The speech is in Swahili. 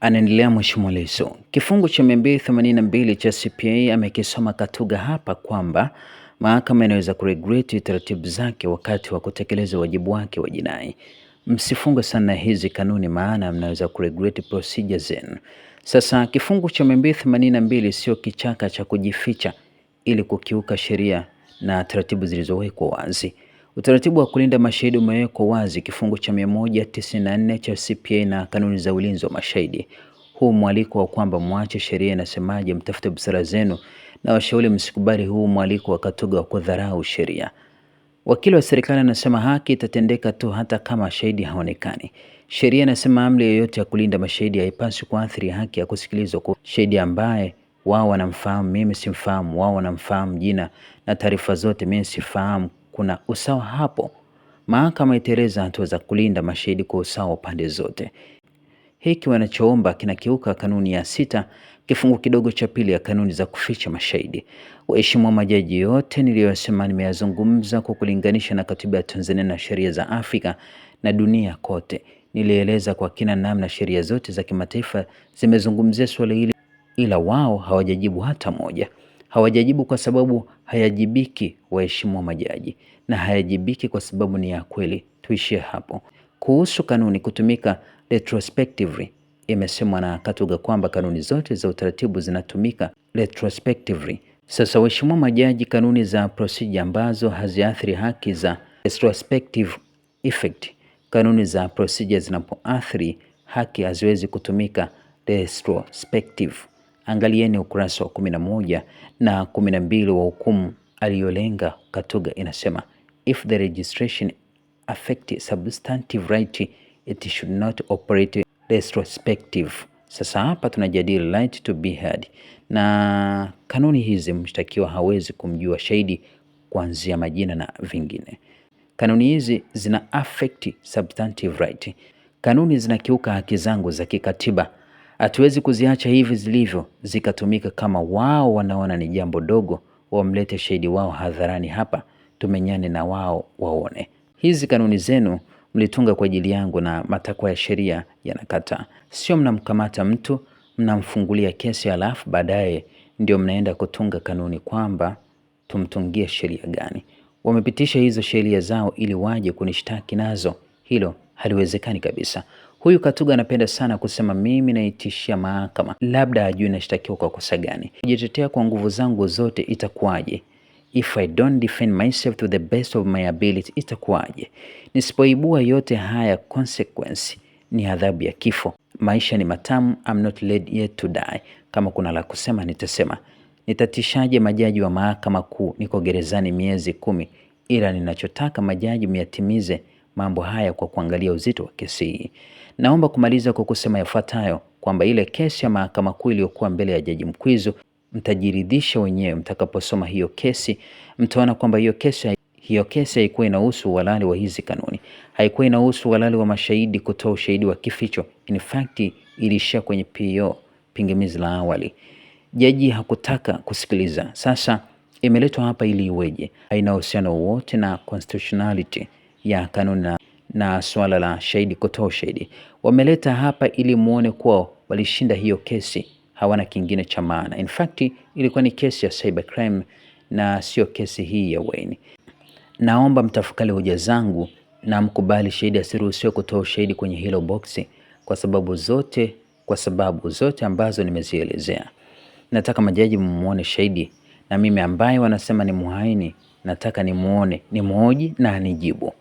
Anaendelea Mheshimiwa Lissu. Kifungu cha 282 cha CPA amekisoma Katuga hapa kwamba mahakama inaweza kuregret taratibu zake wakati wa kutekeleza wajibu wake wa jinai. Msifunge sana hizi kanuni, maana mnaweza kuregret procedure zenu. Sasa kifungu cha 282 sio kichaka cha kujificha ili kukiuka sheria na taratibu zilizowekwa wazi. Utaratibu wa kulinda mashahidi umewekwa wazi kifungu cha 194 cha CPA na kanuni za ulinzi wa mashahidi. Huu mwaliko wa kwamba mwache sheria inasemaje, mtafute busara zenu, na washauri msikubali huu mwaliko wa Katuga wa kudharau sheria. Wakili wa serikali anasema haki itatendeka tu hata kama shahidi haonekani. Sheria inasema amri yoyote ya kulinda mashahidi haipaswi kuathiri haki ya kusikilizwa kwa shahidi ambaye wao wanamfahamu, mimi simfahamu, wao wanamfahamu jina na taarifa zote, mimi sifahamu kuna usawa hapo. Mahakama itaeleza hatua za kulinda mashahidi kwa usawa pande zote. Hiki wanachoomba kinakiuka kanuni ya sita kifungu kidogo cha pili ya kanuni za kuficha mashahidi. Waheshimiwa majaji, yote niliyosema nimeyazungumza kwa kulinganisha na katiba ya Tanzania na sheria za Afrika na dunia kote. Nilieleza kwa kina namna sheria zote za kimataifa zimezungumzia suala hili, ila wao hawajajibu hata moja hawajajibu kwa sababu hayajibiki, wa majaji, na hayajibiki kwa sababu ni ya kweli. Tuishie hapo. Kuhusu kanuni kutumika retrospectively, imesemwa na Katuga kwamba kanuni zote za utaratibu zinatumika retrospectively. Sasa wa majaji, kanuni za procedure ambazo haziathiri haki za retrospective effect, kanuni za procedure zinapoathiri haki haziwezi kutumika retrospective. Angalieni ukurasa wa kumi na moja na kumi na mbili wa hukumu aliyolenga Katuga inasema if the registration affect substantive right it should not operate retrospective. Sasa hapa tunajadili right to be heard, na kanuni hizi mshtakiwa hawezi kumjua shahidi kuanzia majina na vingine. Kanuni hizi zina affect substantive right. Kanuni zinakiuka haki zangu za kikatiba Hatuwezi kuziacha hivi zilivyo zikatumika kama wao wanaona ni jambo dogo, wamlete shahidi wao hadharani hapa, tumenyane na wao waone. Hizi kanuni zenu mlitunga kwa ajili yangu na matakwa ya sheria yanakataa. Sio mnamkamata mtu mnamfungulia kesi halafu baadaye ndio mnaenda kutunga kanuni kwamba tumtungie sheria gani. Wamepitisha hizo sheria zao ili waje kunishtaki nazo, hilo haliwezekani kabisa. Huyu Katuga anapenda sana kusema mimi naitishia mahakama, labda ajui nashtakiwa kwa kosa gani. Kujitetea kwa nguvu zangu zote itakuwaje? If I don't defend myself to the best of my ability itakuwaje? Nisipoibua yote haya consequence ni adhabu ya kifo. Maisha ni matamu, I'm not led yet to die. Kama kuna la kusema nitasema. Nitatishaje majaji wa mahakama kuu? Niko gerezani miezi kumi, ila ninachotaka majaji myatimize mambo haya kwa kuangalia uzito wa kesi hii. Naomba kumaliza kwa kusema yafuatayo kwamba ile kesi ya Mahakama Kuu iliyokuwa mbele ya Jaji Mkwizu mtajiridhisha wenyewe mtakaposoma hiyo kesi, mtaona kwamba hiyo kesi hiyo kesi haikuwa inahusu uhalali wa hizi kanuni, haikuwa inahusu uhalali wa mashahidi kutoa ushahidi wa kificho. In fact ilishia kwenye PO, pingamizi la awali. Jaji hakutaka kusikiliza. Sasa imeletwa hapa ili iweje? Haina uhusiano wowote na constitutionality ya kanuni na, na swala la shahidi kutoa ushahidi. Wameleta hapa ili muone kuwa walishinda hiyo kesi, hawana kingine cha maana. In fact ilikuwa ni kesi ya cyber crime na sio kesi hii ya Wayne. Naomba mtafakari hoja zangu na mkubali shahidi asiruhusiwe kutoa ushahidi kwenye hilo boksi kwa sababu zote, kwa sababu zote ambazo nimezielezea. Nataka majaji mmuone shahidi na mimi ambaye wanasema ni muhaini, nataka nimuone, nimhoji na anijibu.